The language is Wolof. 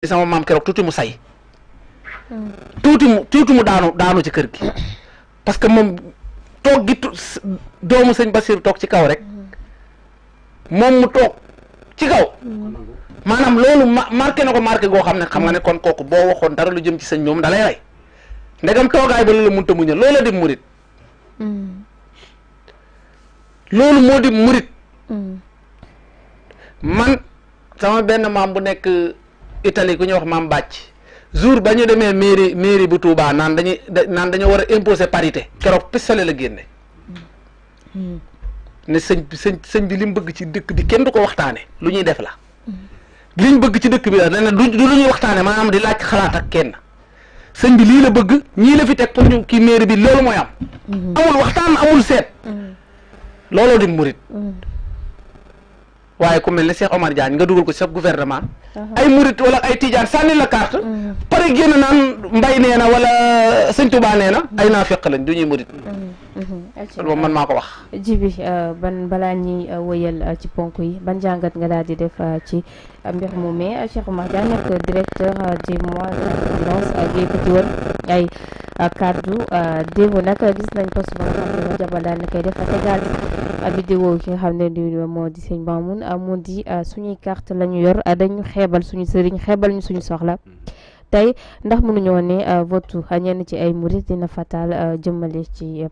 sama maam keroog tuuti mu say hmm. tuuti mu tuuti mu daanu daanu ci kër gi parce que moom toog gi doomu sëñ Basiir toog ci kaw rek moom mu toog ci kaw maanaam loolu marqué na ko marqué goo xam ne xam nga ne kon kooku boo waxoon dara lu jëm ci sëñ moom dalay rey ndegam toogaay ba loolu mënta muñal loolu di murit hmm. loolu moo di murit hmm. man sama benn maam bu nekk Italie ku ñuy wax maam bàcc jour ba ñu demee mairie mairie bu Touba naan dañuy naan dañoo war a imposer parité keroog pistale la génne hmm. ne sëñ sëñ sëñ bi li bëgg ci dëkk bi kenn du ko waxtaane lu ñuy def la hmm. liñ bëgg ci dëkk bi la ne du lu ñuy waxtaane am di laaj xalaat ak kenn sëñ bi lii la bëgg ñii la fi teg pour ñu kii mairie bi loolu mooy am hmm. amul waxtaan amul seet looloo di murit waaye ku mel ne Cheikh Omar Diagne nga dugal ko ci sa gouvernement. Uh-huh. ay murit wala ay tijaan sànni la carte. Uh-huh. pare génn naan mbay nee na wala sëñ Touba nee na ay uh-huh. naafeq lañ du ñuy murit. loolu ko wax. jibi uh, ban balaa ñuy uh, wëyal uh, ci ponk yi ban jàngat nga daal di def ci mbir mu mais Cheikh Omar Diagne nekk directeur du mois de ay. kàddu euh, démb nag gis nañ ko suba nga xam ne jabal daal na koy def tegaal vidéo ki nga xam ne di moo di sëñ Mamoun euh, moo di euh, suñuy carte la ñu yor dañu xeebal suñu sëriñ xeebal ñu suñu soxla tey ndax mënuñoo ne votu ñenn ci ay murit dina fatal jëmmale ci